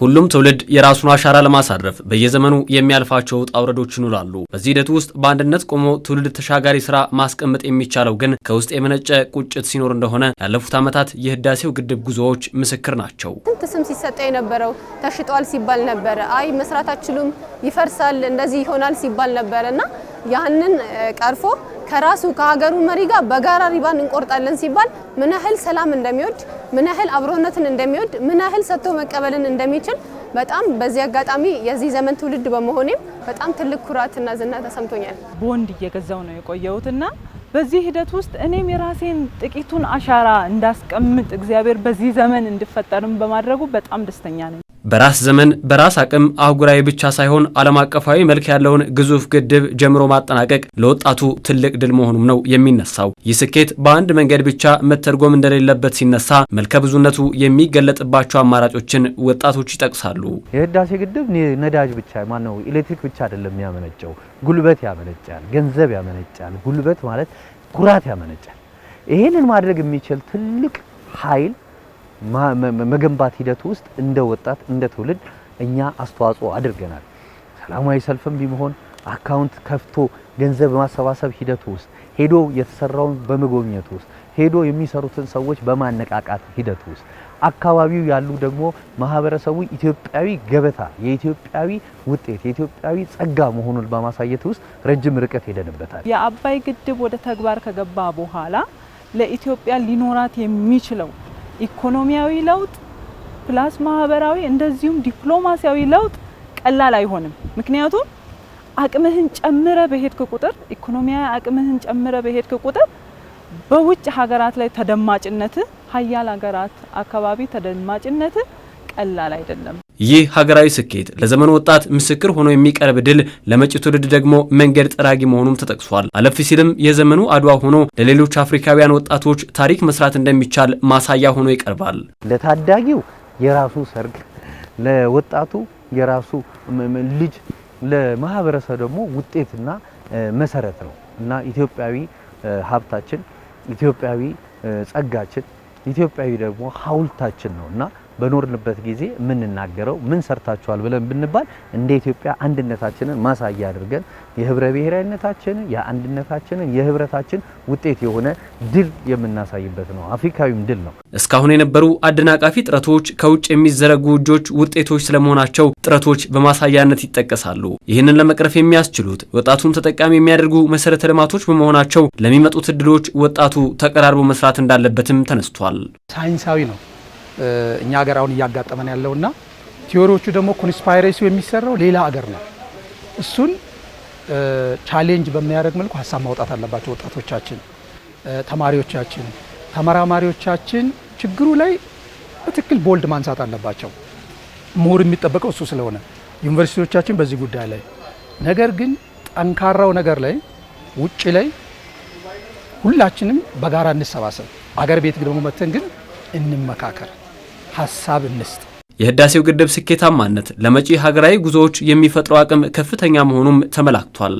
ሁሉም ትውልድ የራሱን አሻራ ለማሳረፍ በየዘመኑ የሚያልፋቸው ውጣ ውረዶች ይኖራሉ። በዚህ ሂደት ውስጥ በአንድነት ቆሞ ትውልድ ተሻጋሪ ስራ ማስቀመጥ የሚቻለው ግን ከውስጥ የመነጨ ቁጭት ሲኖር እንደሆነ ያለፉት ዓመታት የህዳሴው ግድብ ጉዞዎች ምስክር ናቸው። ስንት ስም ሲሰጠ የነበረው ተሽጧል ሲባል ነበረ። አይ መስራት አችሉም፣ ይፈርሳል፣ እንደዚህ ይሆናል ሲባል ነበረ እና ያህንን ቀርፎ ከራሱ ከሀገሩ መሪ ጋር በጋራ ሪባን እንቆርጣለን ሲባል ምን ያህል ሰላም እንደሚወድ ምን ያህል አብሮነትን እንደሚወድ ምን ያህል ሰጥቶ መቀበልን እንደሚችል በጣም በዚህ አጋጣሚ የዚህ ዘመን ትውልድ በመሆኔም በጣም ትልቅ ኩራትና ዝና ተሰምቶኛል። ቦንድ እየገዛው ነው የቆየሁትና በዚህ ሂደት ውስጥ እኔም የራሴን ጥቂቱን አሻራ እንዳስቀምጥ እግዚአብሔር በዚህ ዘመን እንድፈጠርም በማድረጉ በጣም ደስተኛ ነኝ። በራስ ዘመን በራስ አቅም አህጉራዊ ብቻ ሳይሆን ዓለም አቀፋዊ መልክ ያለውን ግዙፍ ግድብ ጀምሮ ማጠናቀቅ ለወጣቱ ትልቅ ድል መሆኑም ነው የሚነሳው። ይህ ስኬት በአንድ መንገድ ብቻ መተርጎም እንደሌለበት ሲነሳ መልከ ብዙነቱ የሚገለጥባቸው አማራጮችን ወጣቶች ይጠቅሳሉ። የህዳሴ ግድብ ነዳጅ ብቻ ማነው ኤሌክትሪክ ብቻ አይደለም የሚያመነጨው፣ ጉልበት ያመነጫል፣ ገንዘብ ያመነጫል። ጉልበት ማለት ኩራት ያመነጫል። ይህንን ማድረግ የሚችል ትልቅ ኃይል መገንባት ሂደት ውስጥ እንደ ወጣት እንደ ትውልድ እኛ አስተዋጽኦ አድርገናል። ሰላማዊ ሰልፍም ቢሆን አካውንት ከፍቶ ገንዘብ በማሰባሰብ ሂደት ውስጥ ሄዶ የተሰራውን በመጎብኘት ውስጥ ሄዶ የሚሰሩትን ሰዎች በማነቃቃት ሂደት ውስጥ አካባቢው ያሉ ደግሞ ማህበረሰቡ ኢትዮጵያዊ ገበታ የኢትዮጵያዊ ውጤት የኢትዮጵያዊ ጸጋ መሆኑን በማሳየት ውስጥ ረጅም ርቀት ሄደንበታል። የአባይ ግድብ ወደ ተግባር ከገባ በኋላ ለኢትዮጵያ ሊኖራት የሚችለው ኢኮኖሚያዊ ለውጥ ፕላስ ማህበራዊ እንደዚሁም ዲፕሎማሲያዊ ለውጥ ቀላል አይሆንም። ምክንያቱም አቅምህን ጨምረ በሄድክ ቁጥር ኢኮኖሚያዊ አቅምህን ጨምረ በሄድክ ቁጥር በውጭ ሀገራት ላይ ተደማጭነት ሀያል ሀገራት አካባቢ ተደማጭነት ቀላል አይደለም። ይህ ሀገራዊ ስኬት ለዘመኑ ወጣት ምስክር ሆኖ የሚቀርብ ድል ለመጪ ትውልድ ደግሞ መንገድ ጠራጊ መሆኑም ተጠቅሷል። አለፍ ሲልም የዘመኑ አድዋ ሆኖ ለሌሎች አፍሪካውያን ወጣቶች ታሪክ መስራት እንደሚቻል ማሳያ ሆኖ ይቀርባል። ለታዳጊው የራሱ ሰርግ፣ ለወጣቱ የራሱ ልጅ፣ ለማህበረሰብ ደግሞ ውጤትና መሰረት ነው እና ኢትዮጵያዊ ሀብታችን፣ ኢትዮጵያዊ ጸጋችን፣ ኢትዮጵያዊ ደግሞ ሀውልታችን ነው እና በኖርንበት ጊዜ የምንናገረው ምን ሰርታችኋል ብለን ብንባል እንደ ኢትዮጵያ አንድነታችንን ማሳያ አድርገን የህብረ ብሔራዊነታችንን የአንድነታችንን የህብረታችን ውጤት የሆነ ድል የምናሳይበት ነው። አፍሪካዊም ድል ነው። እስካሁን የነበሩ አደናቃፊ ጥረቶች ከውጭ የሚዘረጉ እጆች ውጤቶች ስለመሆናቸው ጥረቶች በማሳያነት ይጠቀሳሉ። ይህንን ለመቅረፍ የሚያስችሉት ወጣቱን ተጠቃሚ የሚያደርጉ መሰረተ ልማቶች በመሆናቸው ለሚመጡት እድሎች ወጣቱ ተቀራርቦ መስራት እንዳለበትም ተነስቷል። ሳይንሳዊ ነው። እኛ ሀገር አሁን እያጋጠመን ያለውና ቲዮሪዎቹ ደግሞ ኮንስፓይሬሲ የሚሰራው ሌላ ሀገር ነው። እሱን ቻሌንጅ በሚያደርግ መልኩ ሀሳብ ማውጣት አለባቸው ወጣቶቻችን፣ ተማሪዎቻችን፣ ተመራማሪዎቻችን ችግሩ ላይ በትክክል ቦልድ ማንሳት አለባቸው። ምሁር የሚጠበቀው እሱ ስለሆነ ዩኒቨርሲቲዎቻችን በዚህ ጉዳይ ላይ ነገር ግን ጠንካራው ነገር ላይ ውጭ ላይ ሁላችንም በጋራ እንሰባሰብ፣ አገር ቤት ደግሞ መተን ግን እንመካከር። ሀሳብ እንስጥ። የህዳሴው ግድብ ስኬታማነት ለመጪ ሀገራዊ ጉዞዎች የሚፈጥረው አቅም ከፍተኛ መሆኑም ተመላክቷል።